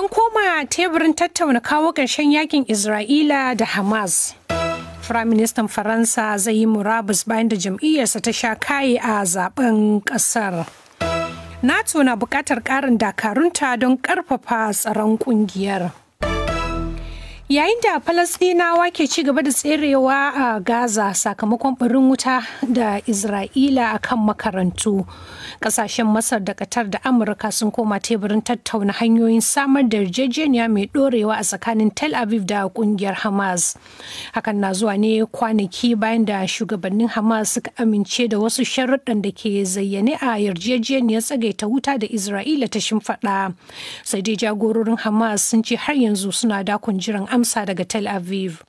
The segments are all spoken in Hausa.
an koma teburin tattauna kawo ƙarshen yakin isra'ila da hamas Firaministan Faransa zai yi murabus bayan da jam'iyyarsa ta sha kaye a zaben ƙasar. NATO na buƙatar ƙarin dakarunta don ƙarfafa tsaron ƙungiyar. yayin da falasdinawa ke ci gaba da tserewa a gaza sakamakon barin wuta da isra'ila a kan makarantu kasashen masar da qatar da amurka sun koma teburin tattauna hanyoyin samar da yarjejeniya mai dorewa a tsakanin tel aviv da kungiyar hamas hakan na zuwa ne kwanaki bayan da shugabannin hamas suka amince da wasu sharuɗan da ke zayyane a yarjejeniyar tsagaita wuta da isra'ila ta shimfaɗa sai dai jagororin hamas sun ce har yanzu suna dakon jiran amsa daga Tel Aviv.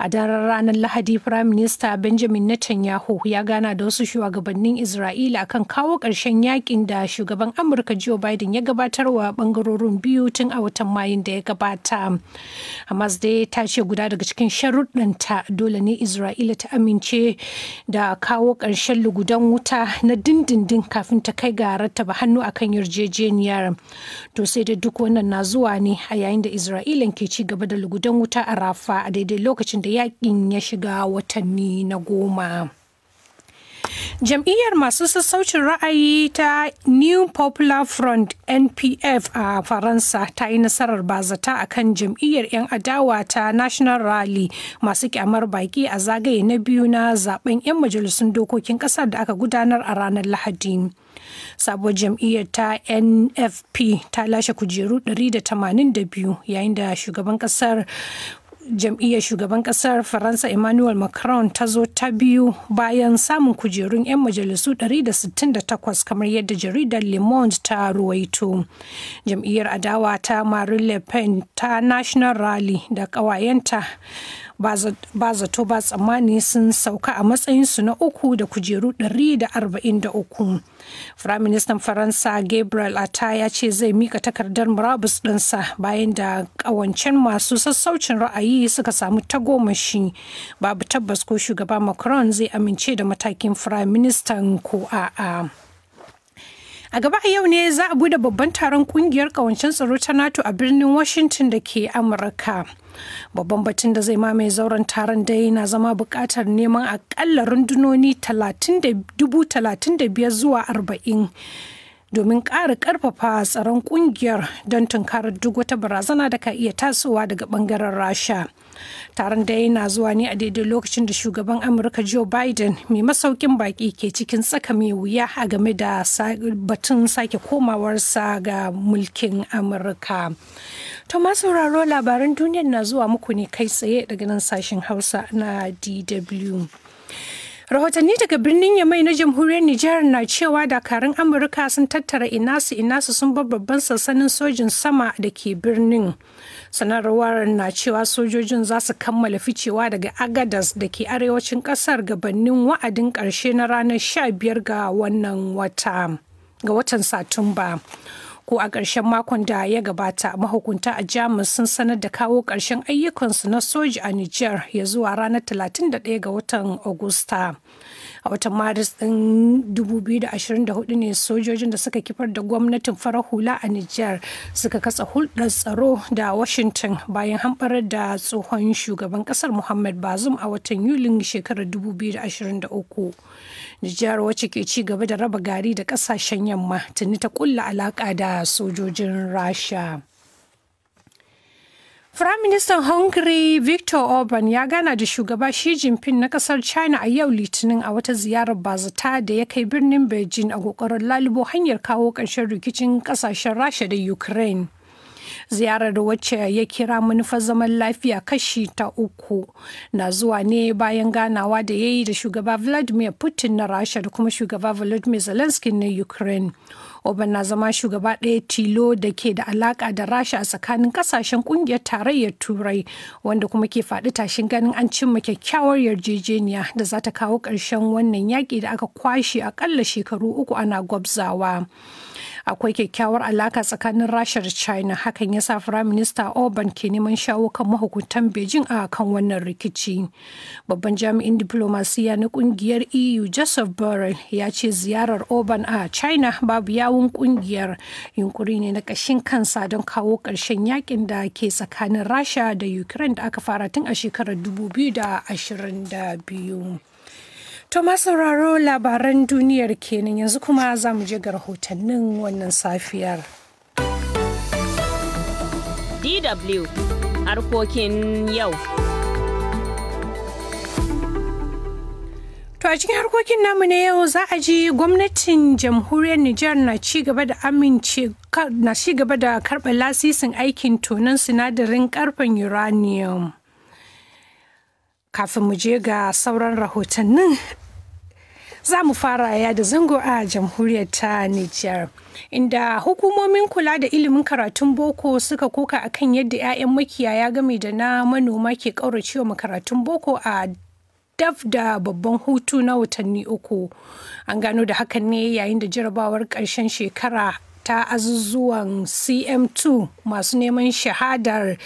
A daren ranar Lahadi, Firayim Minista Benjamin Netanyahu ya gana da wasu shugabannin Isra'ila akan kawo ƙarshen yakin da shugaban Amurka Joe Biden ya gabatar wa ɓangarorin biyu tun a watan Mayun da ya gabata. Hamas dai ta ce guda daga cikin sharuɗanta dole ne Isra'ila ta amince da kawo ƙarshen lugudan wuta na dindindin kafin ta kai ga rattaba hannu akan yarjejeniyar. To sai da duk wannan na zuwa ne a yayin da Isra'ilan ke ci gaba da lugudan gidan wuta a rafa a daidai lokacin da yakin ya shiga watanni na goma jam'iyyar masu sassaucin ra'ayi ta new popular front npf a faransa ta yi nasarar bazata a kan jam'iyyar 'yan adawa ta national rally masu kyamar baki a zagaye na biyu na zaben 'yan majalisun dokokin kasar da aka gudanar a ranar lahadi sabuwar jam'iyyar ta nfp ta lashe kujeru 182 yayin da shugaban kasar jam'iyyar shugaban kasar faransa emmanuel macron ta zo ta biyu bayan samun kujerun 'yan majalisu 168 kamar yadda jaridar le monde ta ruwaito jam'iyyar adawa ta marie le pen ta national rally da kawayenta ba zato ba tsammani sun sauka a matsayinsu na uku da kujeru 143. Firaministan Faransa Gabriel Atta ya ce zai mika takardar murabus ɗinsa bayan da ƙawancen masu sassaucin ra'ayi suka samu tagomashi babu tabbas ko shugaba Macron zai amince da matakin Firaministan ko a'a. A gaba a yau ne za a bude babban taron kungiyar kawancin tsaro ta NATO a birnin Washington da ke Amurka. babban batun da zai mamaye zauren taron dai na zama buƙatar neman akalla rundunoni 35,000 zuwa 40 domin ƙara ƙarfafa tsaron ƙungiyar don tunkarar duk wata barazana da ka iya tasowa daga ɓangaren rasha. taron da na zuwa ne a daidai lokacin da shugaban amurka joe biden mai masaukin baki ke cikin tsaka mai wuya a game da batun sake komawarsa ga mulkin amurka thomas sauraro labaran duniyar na zuwa muku ne kai tsaye daga nan sashen hausa na dw rahotanni daga birnin yamai na jamhuriyar nijar na cewa dakarun amurka sun tattara inasu inasu sun bar babban sansanin sojin sama da ke birnin sanarwar na cewa sojojin za su kammala ficewa daga agadas da ke arewacin kasar gabanin wa'adin karshe na ranar 15 ga wannan wata ga watan satumba ko a ƙarshen makon da ya gabata mahukunta a jamus sun sanar da kawo ƙarshen ayyukansu na soji a niger ya zuwa ranar 31 ga watan agusta a watan maris ɗin 2024 ne sojojin da suka kifar da gwamnatin farar hula a niger suka katsa hulɗar tsaro da washington bayan hamɓarar da tsohon shugaban ƙasar muhammad bazum a watan yulin shekarar 2023 nijar wacce ke ci gaba da raba gari da ƙasashen yamma tuni ta ƙulla alaƙa da sojojin rasha Firaministan Hungary Victor Orban ya gana da shugaba Xi Jinping na kasar China a yau Litinin a wata ziyarar bazata da ya kai birnin Beijing a kokarin lalubo hanyar kawo ƙarshen rikicin ƙasashen Rasha da Ukraine. ziyarar wacce ya kira manufar zaman lafiya kashi ta uku na zuwa ne bayan ganawa da ya yi da shugaba vladimir putin na rasha da kuma shugaba vladimir zelensky na ukraine Oban na zama shugaba ɗaya tilo da ke da alaƙa da rasha a tsakanin ƙasashen ƙungiyar tarayyar Turai wanda kuma ke faɗi tashin ganin an cimma kyakkyawar yarjejeniya da za ta kawo ƙarshen wannan yaƙi da aka kwashe aƙalla shekaru uku ana gwabzawa. akwai kyakkyawar alaka tsakanin rasha da china hakan ya sa firayim minista orban ke neman shawo kan mahukuntan beijing a kan wannan rikici babban jami'in diplomasiya na kungiyar eu joseph borrell ya ce ziyarar Oban a china babu yawun kungiyar yunkuri ne na kashin kansa don kawo ƙarshen yakin da ke tsakanin rasha da ukraine da aka fara tun a shekarar 2022 To ma sauraro labaran duniyar kenan yanzu kuma za mu je ga rahotannin wannan safiyar. DW harkokin yau. To a cikin harkokin namu na yau za a ji gwamnatin jamhuriyar Nijar na ci gaba da amince na ci gaba da karɓar lasisin aikin tonon sinadarin karfin uranium. Kafin mu je ga sauran rahotannin za mu fara ya da zango a jamhuriyar ta Nijar. Inda hukumomin kula da ilimin karatun boko suka koka akan yadda 'ya'yan makiyaya game da na manoma ke ƙauracewa makaratun boko a daf da babban hutu na watanni uku. An gano da hakan ne yayin da jarabawar ƙarshen shekara ta azuzuwan CM2 masu neman shahadar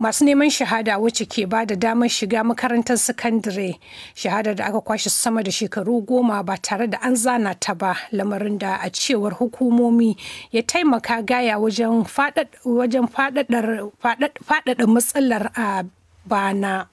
masu neman shahada wacce ke ba da damar shiga makarantar sakandare shahada da aka kwashe sama da shekaru goma ba tare da an zana ta ba lamarin da a cewar hukumomi ya taimaka gaya wajen faɗaɗa matsalar a bana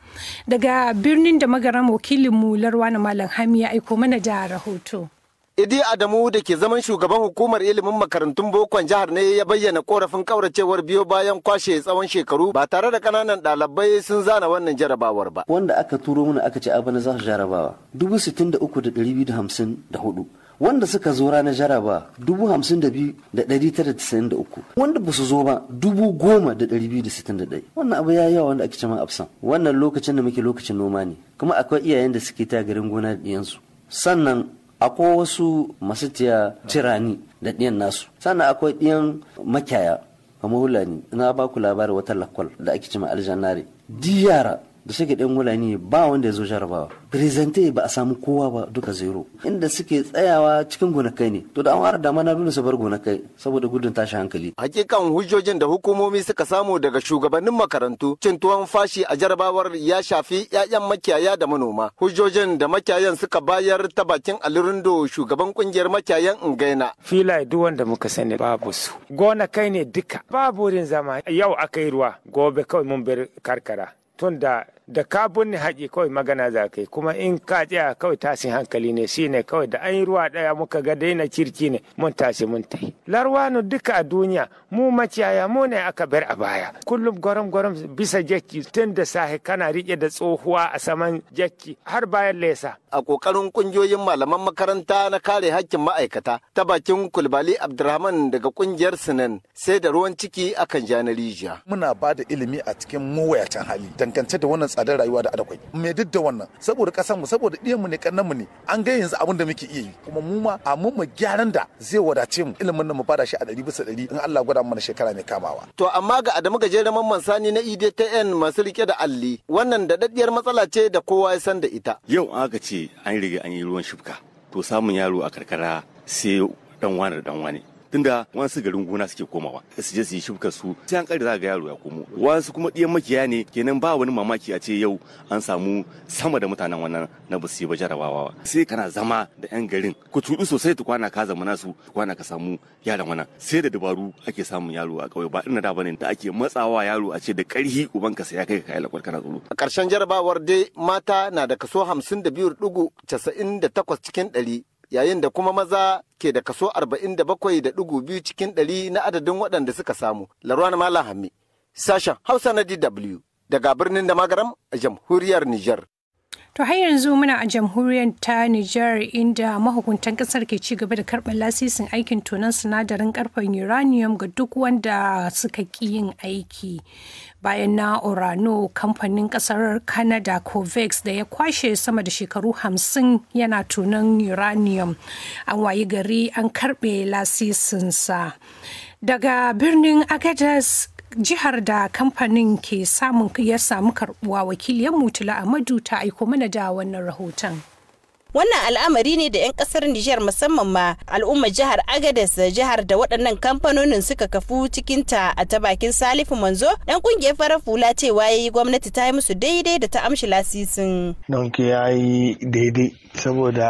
daga birnin da magaran wakilinmu larwa na malam Hamiya, aiko mana da rahoto Idi Adamu da ke zaman shugaban hukumar ilimin makarantun bokon jihar ne ya bayyana korafin kauracewar biyo bayan kwashe tsawon shekaru ba tare da kananan ɗalibai sun zana wannan jarabawar ba. Wanda aka turo mana aka ce abana za su jarabawa dubu sittin da uku da ɗari biyu da hamsin da hudu. wanda suka zo ranar jaraba dubu hamsin da biyu da ɗari tara tisa'in da uku wanda ba su zo ba dubu goma da ɗari biyu da sittin da ɗaya wannan abu ya yi yawa wanda ake cema absan wannan lokacin da muke lokacin noma ne kuma akwai iyayen da suke ta garin gona da ɗiyansu sannan akwai wasu masu tiya cirani da ɗiyan nasu sannan akwai ɗiyan makyaya kamar hulani na ba ku labarin wata lakwal da ake cima aljannare di yara da suke ɗan wulani ba wanda ya zo jarabawa presente ba a samu kowa ba duka zero inda suke tsayawa cikin gonakai ne to da an fara dama na nuna su bar gonakai saboda gudun tashi hankali hakikan hujjojin da hukumomi suka samu daga shugabannin makarantu cin tuwon fashi a jarabawar ya shafi 'ya'yan makiyaya da manoma hujjojin da makiyayan suka bayar ta bakin alirundo shugaban kungiyar makiyayan ingaina filaye duk wanda muka sani babu su gonakai ne duka babu wurin zama yau aka yi ruwa gobe kawai mun bar karkara tun da da ka bunne haƙi kawai magana za ka kuma in ka tsaya kawai tashin hankali ne shi ne kawai da an yi ruwa ɗaya muka ga daina kirki ne mun tashi mun tai. larwano duka a duniya mu maciyaya mu ne aka bar a baya kullum gwaram gwaram bisa jakki tun da sahi kana riƙe da tsohuwa a saman jakki har bayan lesa a ƙoƙarin ƙungiyoyin malaman makaranta na kare haƙƙin ma'aikata ta bakin kulbali abdurrahman daga ƙungiyar sinan sai da ruwan ciki akan janarijiya muna ba ilimi a cikin mawayacin hali dangance da wannan tsadar rayuwa da adakwai me duk da wannan saboda kasan mu saboda ɗiyan mu ne kannan mu ne an ga yanzu abin da muke iya yi kuma mu ma a mun mu gyaran da zai wadace mu ilimin nan mu fara shi a ɗari bisa ɗari in Allah gwada mana shekara mai kamawa to amma ga Adamu gajeren mamman sani na IDTN masu rike da alli wannan da dadiyar matsala ce da kowa ya san da ita yau aka ce an riga an yi ruwan shifka to samun yaro a karkara sai dan wani dan wani tunda wasu garin gona suke komawa su je su yi shifka su sai an kare za ga yaro ya komo wasu kuma ɗiyan makiya ne kenan ba wani mamaki a ce yau an samu sama da mutanen wannan na basu ba jarabawa sai kana zama da yan garin ku tudu sosai kwana ka zama nasu kwana ka samu yaran wannan sai da dabaru ake samun yaro a ƙauye ba ina da bane da ake matsawa yaro a ce da ƙarhi ubanka sai ya kai ka kai lakwar kana tsoro a ƙarshen jarabawar dai mata na da kaso 52.98 cikin ɗari. yayin da kuma maza ke da kaso 47.2 cikin 100 na adadin waɗanda suka samu. Larwan Malam Hammi, sashen Hausa na DW daga birnin da magaram a jamhuriyar Nijar. To har yanzu muna a jamhuriyar ta Nijar inda mahukuntan kasar ke ci gaba da karɓar lasisin aikin tonon sinadarin karfen uranium ga duk wanda suka ƙi yin aiki. bayan na Orano kamfanin kasar Canada COVEX da ya kwashe sama da shekaru hamsin yana tunan uranium an wayi gari an karbe lasisinsa. Daga birnin Agadez jihar da kamfanin ke samun ya samu karbuwa wakiliyar mutula amadu ta aiko mana da wannan rahoton. wannan al'amari ne da 'yan kasar nijar musamman ma al'ummar jihar agadez jihar da waɗannan kamfanonin suka kafu ta a ta bakin salifu manzo ɗan kungiyar farar fula cewa yayi gwamnati ta yi musu daidai da ta amshi lasisin donke ya yi daidai saboda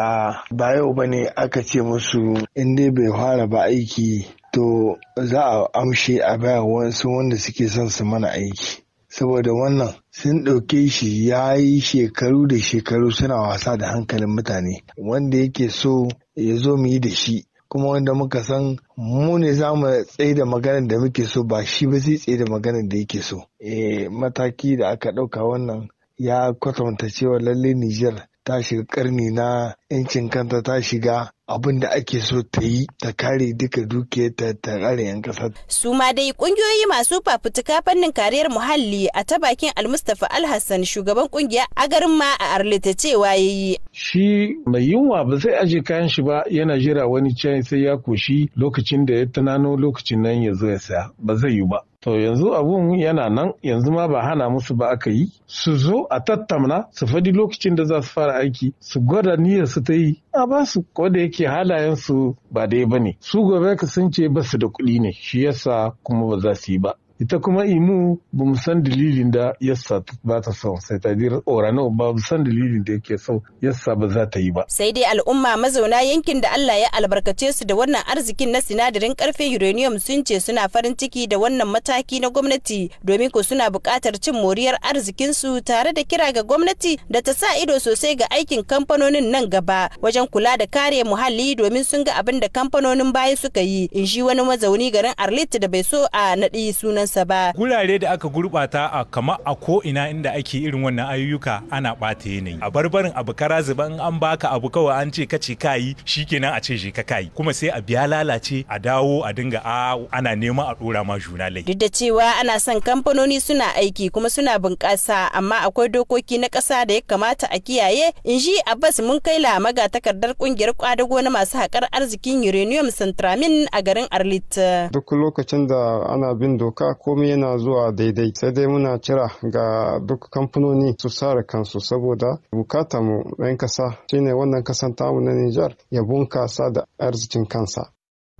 ba yau ba ne aka ce musu in dai bai fara ba aiki to za a amshe a baya wasu wanda suke son su mana aiki saboda wannan sun ɗauke shi ya yi shekaru da shekaru suna wasa da hankalin mutane wanda yake so ya zo mu yi da shi kuma wanda muka san mu ne za mu tsaye da maganar da muke so ba shi ba zai tsaye da maganar da yake so e, mataki da aka ɗauka wannan ya kwatanta cewa lalle Nijar ta shiga karni na 'yancin kanta ta shiga abin da ake so ta yi ta kare duka dukiyar ta kare yan kasa. su ma dai kungiyoyi masu fafutuka fannin kariyar muhalli a ta bakin almustafa alhassan shugaban kungiya agarin ma a arlita cewa ya yi. shi mai yunwa ba zai aje kayan shi ba yana jira wani can sai ya koshi lokacin da ya tunano lokacin nan ya zo ya saya ba zai yi ba. To yanzu abun yana nan yanzu ma ba hana musu ba aka yi su zo a tattamna su faɗi lokacin da za su fara aiki su gwada niyyar su ta yi a ba su ko da yake halayen su ba dai ba ne su gobe ka sun ce ba su da kuɗi ne shi yasa kuma ba za su yi ba ita kuma imu ba mu san dalilin da yassa ba ta son sai ta dira orano ba mu san dalilin da yake so yassa ba za ta yi ba sai dai al'umma mazauna yankin da Allah ya albarkace su da wannan arzikin na sinadarin karfe uranium sun ce suna farin ciki da wannan mataki na gwamnati domin ko suna bukatar cin moriyar arzikin su tare da kira ga gwamnati da ta sa ido sosai ga aikin kamfanonin nan gaba wajen kula da kare muhalli domin sun ga abin da kamfanonin baya suka yi in shi wani mazauni garin Arlit da bai so a naɗi sunan kansa ba gurare da aka gurbata a kama a ko ina inda ake irin wannan ayyuka ana bata yanayi a barbarin abu kara zuba in an baka abu kawai an ce kace kayi shikenan a ce shi ka kayi kuma sai a biya lalace a dawo a dinga a ana nema a dora ma juna lai duk da cewa ana son kamfanoni suna aiki kuma suna bunƙasa amma akwai dokoki na ƙasa da ya kamata a kiyaye in ji Abbas mun kai la maga takardar kungiyar kwadago na masu haƙar arzikin uranium centramin a garin Arlit duk lokacin da ana bin doka komai yana zuwa daidai sai dai muna kira ga duk kamfanoni su sare kansu saboda bukata mu ɗan kasa shine wannan kasan tamu na Nijar ya bunkasa da arzikin kansa.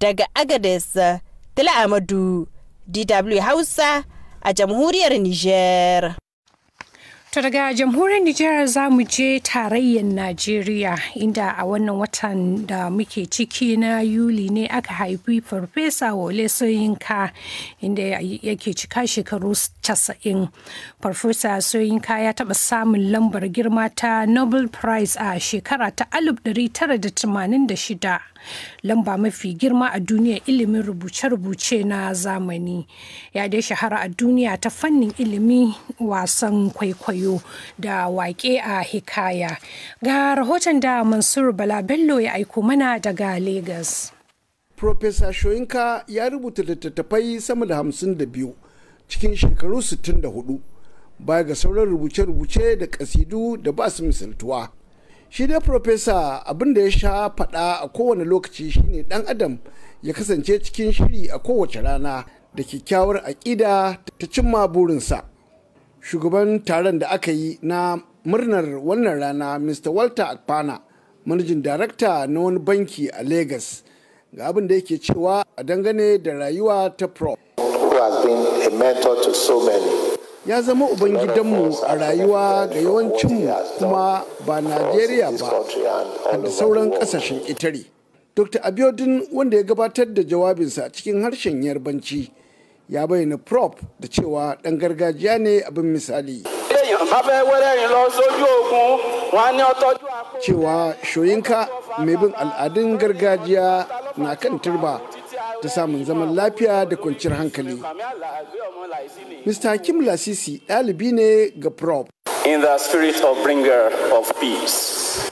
Daga Agades Tila Amadu, DW Hausa a jamhuriyar Nijar. To daga jamhuriyar Nijar za mu je tarayyar Najeriya inda a wannan watan da muke ciki na Yuli ne aka haifi Farfesa Wole Soyinka inda yake cika shekaru 90. Farfesa Soyinka ya taɓa samun lambar girma ta Nobel Prize a shekara ta 1986. lamba mafi girma a duniya ilimin rubuce-rubuce na zamani ya dai shahara a duniya ta fannin ilimin wasan kwaikwayo biyu da waƙe a hikaya ga rahoton da mansur bala bello ya aiko mana daga lagos Profesa shoyinka ya rubuta littattafai sama da hamsin da biyu cikin shekaru 64 baya ga sauran rubuce-rubuce da kasidu da ba su misaltuwa shi dai profesa abin da ya sha faɗa a kowane lokaci shine ɗan adam ya kasance cikin shiri a kowace rana da kyakkyawar aƙida ta cimma burinsa shugaban taron da aka yi na murnar wannan rana mr walter akpana manajin darakta na wani banki a lagos ga abin da yake cewa a dangane da rayuwa ta prop ya zama uban gidanmu a rayuwa ga yawancinmu kuma ba najeriya ba da sauran kasashen itare dr abiodun wanda ya gabatar da jawabinsa a cikin harshen yarbanci ya bayyana prop da cewa ɗan gargajiya ne abin misali. Cewa shoyinka mai bin al'adun gargajiya na kan turba ta samun zaman lafiya da kwanciyar hankali. Mr. Hakim Lasisi ɗalibi ne ga prop. In the spirit of bringer of peace.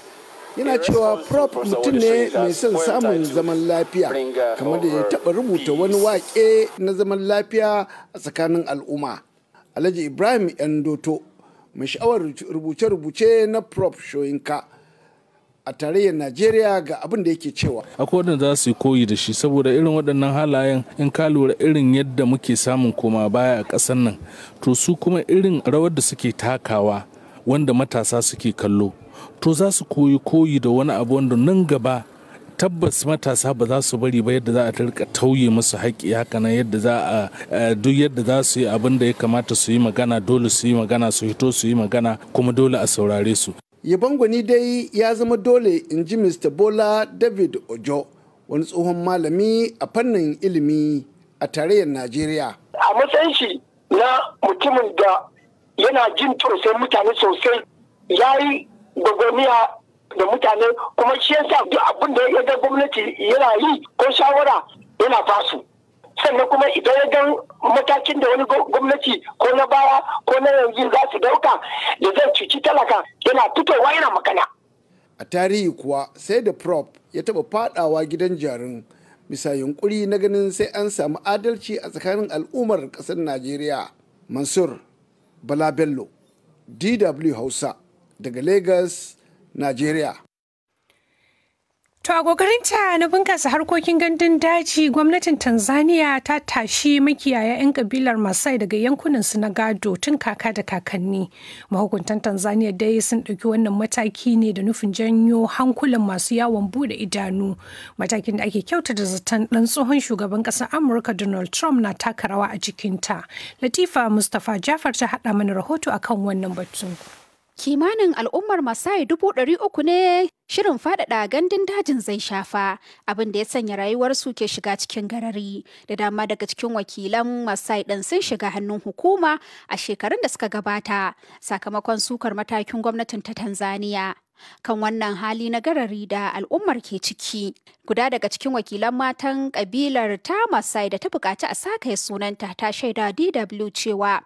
yana cewa prop mutum ne mai son samun zaman lafiya uh, kamar da ya taɓa rubuta wani waƙe na zaman lafiya a tsakanin al'umma alhaji ibrahim yan doto mai sha'awar rubuce-rubuce na prop shoyinka a tarayyar najeriya ga abin da yake cewa akwai wadanda za su yi koyi da shi saboda irin waɗannan halayen in ka lura irin yadda muke samun koma baya a ƙasar nan to su kuma irin rawar da suke takawa wanda matasa suke kallo to za su koyi koyi da wani abu wanda nan gaba tabbas matasa ba za su bari ba yadda za a tarka tauye musu haƙƙi haka na yadda za a duk yadda za su yi abin da ya kamata su yi magana dole su yi magana su hito su yi magana kuma dole a saurare su. yabon gwani dai ya zama dole in ji mr bola david ojo wani tsohon malami a fannin ilimi a tarayyar najeriya a matsayin shi na mutumin da yana jin tausayin mutane sosai ya yi gwagwarmiya da mutane kuma shi yasa duk abin da ya ga gwamnati yana yi ko shawara yana su sannan kuma idan ya gan matakin da wani gwamnati ko na baya ko na yanzu za su dauka da zai cuci talaka yana fitowa yana makana a tarihi kuwa sai da prop ya taba fadawa gidan jarin bisa yunkuri na ganin sai an samu adalci a tsakanin al'ummar kasar najeriya mansur bala bello dw hausa daga Lagos, Najeriya. To a ta na bunkasa harkokin gandun daji gwamnatin Tanzania ta tashi makiyaya 'yan kabilar Masai daga yankunan su na gado tun kaka da kakanni. Mahukuntan Tanzania dai sun ɗauki wannan mataki ne da nufin janyo hankulan masu yawon bude idanu. Matakin da ake kyauta da zaton ɗan tsohon shugaban ƙasar Amurka Donald Trump na taka rawa a jikinta. Latifa Mustapha Jafar ta haɗa mana rahoto akan wannan batun. kimanin al'ummar masai dubu ɗari uku ne shirin faɗaɗa gandun dajin zai shafa abin da ya sanya rayuwarsu ke shiga cikin garari da dama daga cikin wakilan masai ɗin sun shiga hannun hukuma a shekarun da suka gabata sakamakon sukar matakin gwamnatin ta tanzania kan wannan hali na garari da al'ummar ke ciki guda daga cikin wakilan matan kabilar ta masai da ta bukaci a sakaye sunanta ta shaida dw cewa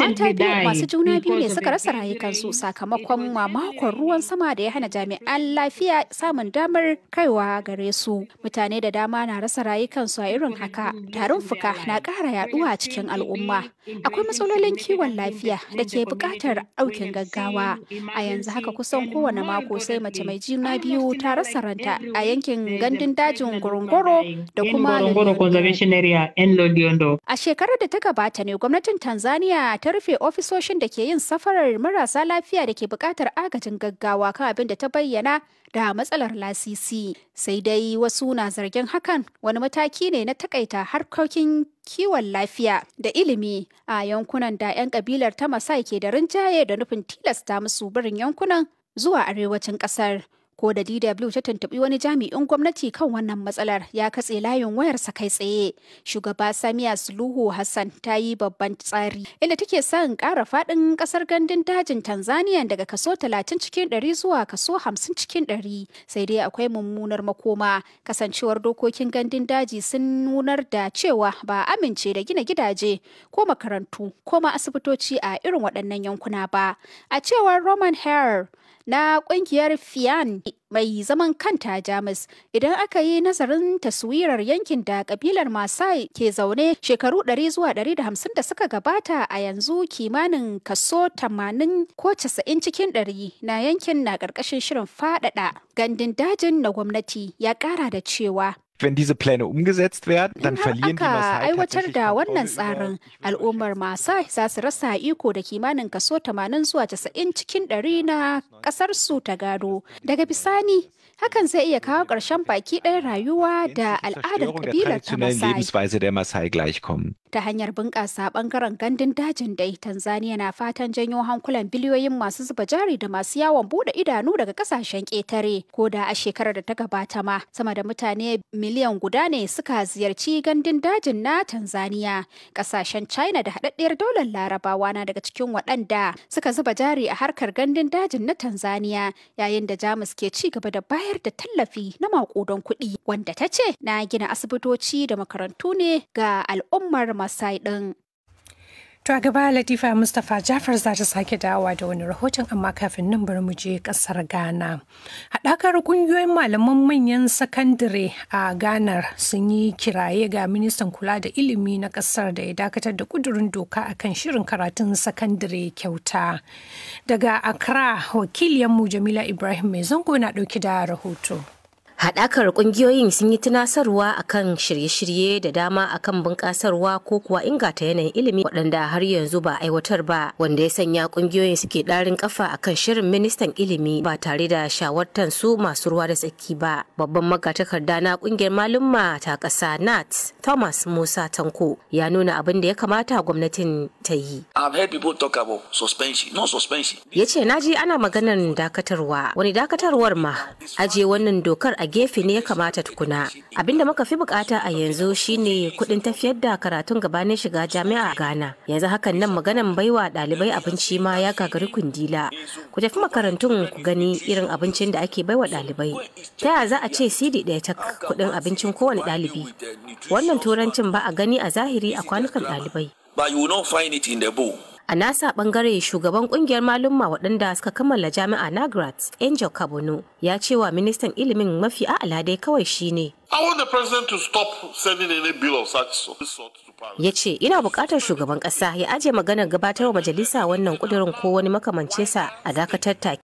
mata biyu masu juna biyu ne suka rasa rayukansu sakamakon mamakon ruwan sama da ya hana jami'an lafiya samun damar kaiwa gare su mutane da dama na rasa rayukansu a irin haka tarin fuka na kara yaduwa a cikin al'umma akwai matsalolin kiwon lafiya da ke buƙatar aukin gaggawa a yanzu haka kusan kowane mako sai mace mai juna biyu ta rasa ranta ta a yankin gandun dajin Gorongoro da kuma A shekarar da ta gabata ne gwamnatin Tanzania ta rufe ofisoshin da ke yin safarar marasa lafiya da ke buƙatar agajin gaggawa kan abin da ta bayyana da matsalar lasisi. Sai dai wasu na zargin hakan wani mataki ne na takaita harkokin kiwon lafiya da ilimi a yankunan da 'yan kabilar ta Masai ke da rinjaye da nufin tilasta musu barin yankunan zuwa arewacin kasar. ko da DW ta tuntuɓi wani jami'in gwamnati kan wannan matsalar ya katse layin wayarsa kai tsaye. Shugaba samia Suluhu Hassan ta yi babban tsari inda take son ƙara faɗin ƙasar gandun dajin Tanzania daga kaso 30 cikin 100 zuwa kaso 50 cikin 100 sai dai akwai mummunar makoma kasancewar dokokin gandun daji sun nunar da cewa ba amince da gina gidaje ko makarantu ko ma asibitoci a irin waɗannan yankuna ba. A cewar Roman Herr na kungiyar Fiyan mai zaman kanta Jamus idan aka yi nazarin taswirar yankin da kabilar Masai ke zaune shekaru 100 zuwa 150 da suka gabata a yanzu kimanin kaso 80 ko 90 cikin 100 na yankin na ƙarƙashin shirin faɗaɗa gandun dajin na gwamnati ya ƙara da cewa wenn diese Pläne umgesetzt werden, dann verlieren die Maasai aiwatar da wannan tsarin al'ummar Maasai za su rasa iko da kimanin kaso 80 zuwa 90 cikin 100 na kasar su ta gado. Daga bisani Hakan zai iya kawo ƙarshen baki ɗaya rayuwa da al'adar kabilar ta Masai. Ta hanyar bunƙasa ɓangaren gandun dajin dai, Tanzania na fatan janyo hankulan biliyoyin masu zuba jari da masu yawon buɗe idanu daga ƙasashen ƙetare. Ko da a shekarar da ta gabata ma, sama da mutane miliyan guda ne suka ziyarci gandun dajin na Tanzania. Ƙasashen China da haɗaɗɗiyar daular Larabawa na daga cikin waɗanda suka zuba jari a harkar gandun dajin na Tanzania, yayin da Jamus ke ci gaba da baya. bayar da tallafi na makudan kuɗi wanda ta ce na gina asibitoci da makarantu ne ga al'ummar Masai ɗin. To a gaba Latifa Mustapha Jafar za ta sake dawowa da wani rahoton amma kafin nan bari mu je kasar Ghana. Haɗakar ƙungiyoyin malaman manyan sakandare a Ghana sun yi kiraye ga ministan kula da ilimi na ƙasar da ya dakatar da ƙudurin doka akan shirin karatun sakandare kyauta. Daga Accra, wakiliyanmu Jamila Ibrahim mai zango na ɗauki da rahoto. Haɗakar ƙungiyoyin sun yi tunasarwa akan shirye-shirye da dama akan bunƙasarwa ko kuwa inganta yanayin ilimi waɗanda har yanzu ba aiwatar ba wanda ya sanya ƙungiyoyin suke ɗarin ƙafa akan shirin ministan ilimi ba tare da shawartar su masu ruwa da tsaki ba. Babban magatakarda na ƙungiyar malumma ta ƙasa Nat Thomas Musa Tanko ya nuna abin da ya kamata gwamnatin ta yi. Ya ce na ji ana maganar dakatarwa wani dakatarwar ma aje wannan dokar a gefe ne ya kamata tukuna abinda muka fi bukata a yanzu shine kudin tafiyar da karatun gabanin shiga jami'a a ghana yanzu hakan nan maganan baiwa dalibai abinci ma ya gagari kundila ku tafi makarantun ku gani irin abincin da ake baiwa dalibai ta yaya za a ce cd ɗaya ta kudin abincin kowane dalibi wannan turancin ba a gani a zahiri a kwanukan dalibai but you will not find it a nasa bangare shugaban kungiyar malumma waɗanda suka kammala jami'a nagrat angel kabono ya cewa ministan ilimin mafi a'ala dai kawai shi ne. Ya ce, ina buƙatar shugaban ƙasa ya ajiye maganar gabatar wa majalisa wannan ƙudurin ko wani makamance sa a dakatar take.